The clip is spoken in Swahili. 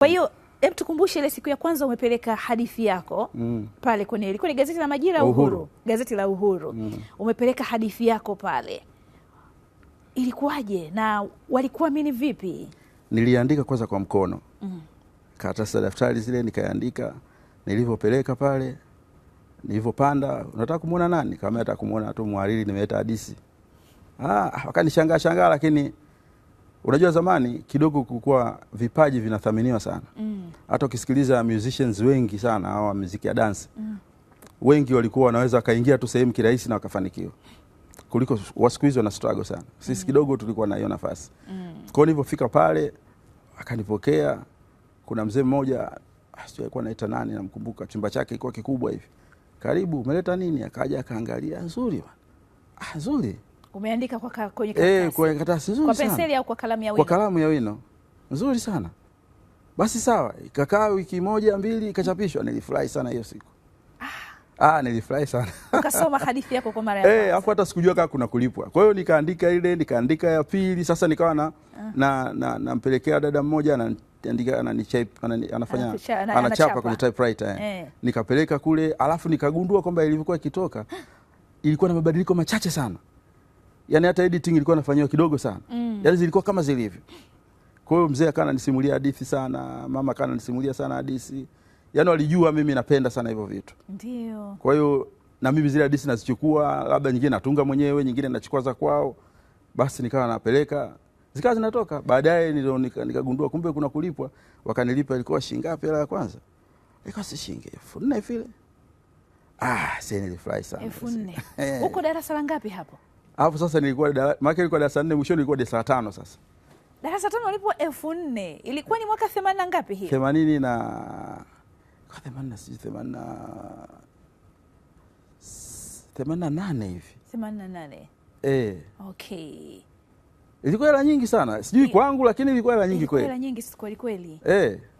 Kwa hiyo hebu tukumbushe ile siku ya kwanza umepeleka hadithi yako mm. pale kwenye ilikuwa ni gazeti la Majira Uhuru, Uhuru. gazeti la Uhuru mm. umepeleka hadithi yako pale, ilikuwaje na walikuamini vipi? Niliandika kwanza kwa mkono mm. karatasi za daftari zile nikaandika, nilivyopeleka pale, nilivyopanda, unataka kumwona nani? Kama nataka kumwona tu mhariri, nimeleta hadithi. Ah, wakanishangaa shangaa, lakini Unajua zamani kidogo kulikuwa vipaji vinathaminiwa sana mm. hata mm. ukisikiliza musicians wengi sana hawa muziki ya dance mm. wengi walikuwa wanaweza wakaingia tu sehemu kirahisi na wakafanikiwa kuliko siku hizi wana struggle sana. Sisi mm. kidogo tulikuwa na hiyo nafasi mm. kwao. Nilipofika pale akanipokea, kuna mzee mmoja ah, sijui alikuwa anaita nani, namkumbuka, chumba chake kilikuwa kikubwa hivi, karibu umeleta nini? Akaja akaangalia, ah, nzuri bwana, ah, nzuri Umeandika kwa eh, kwenye karatasi. Eh, kwa karatasi nzuri sana. Kwa penseli au kwa kalamu ya wino? Kwa kalamu ya wino. Nzuri sana. Basi sawa, ikakaa wiki moja mbili ikachapishwa, nilifurahi sana hiyo siku. Ah, ah nilifurahi sana. Ukasoma hadithi yako kwa mara ya eh, kwanza. Eh, afu hata sikujua kama kuna kulipwa. Kwa hiyo nikaandika ile, nikaandika ya pili, sasa nikawa na ah. na, na nampelekea dada mmoja na andika anafanya anachapa kwenye typewriter eh. Eh. Nikapeleka kule, alafu nikagundua kwamba ilivyokuwa ikitoka ah. ilikuwa na mabadiliko machache sana yani hata editing ilikuwa nafanyiwa kidogo sana mm. yani zilikuwa kama zilivyo. Kwa hiyo mzee akana nisimulia hadithi sana, mama akana nisimulia sana hadithi, yani walijua mimi napenda sana hivyo vitu, ndio. Kwa hiyo na mimi zile hadithi nazichukua, labda nyingine natunga mwenyewe, nyingine nachukua za kwao, basi nikawa napeleka zikawa zinatoka. Baadaye nikagundua kumbe kuna kulipwa, wakanilipa. Ilikuwa shilingi ngapi hela ya kwanza? Ilikuwa si shilingi elfu nne vile. Ah, sasa nilifurahi sana. Elfu nne huko eh. darasa la ngapi hapo? alafu sasa nilikuwa maana nilikuwa darasa nne mwishoni nilikuwa darasa tano sasa darasa tano walipo elfu nne ilikuwa ni mwaka themanini na ngapi hii? themanini na themanini na sijui themanini na themanini na nane hivi themanini na nane eh. okay ilikuwa hela nyingi sana sijui kwangu lakini ilikuwa hela nyingi kweli. Hela nyingi kweli kweli. Eh.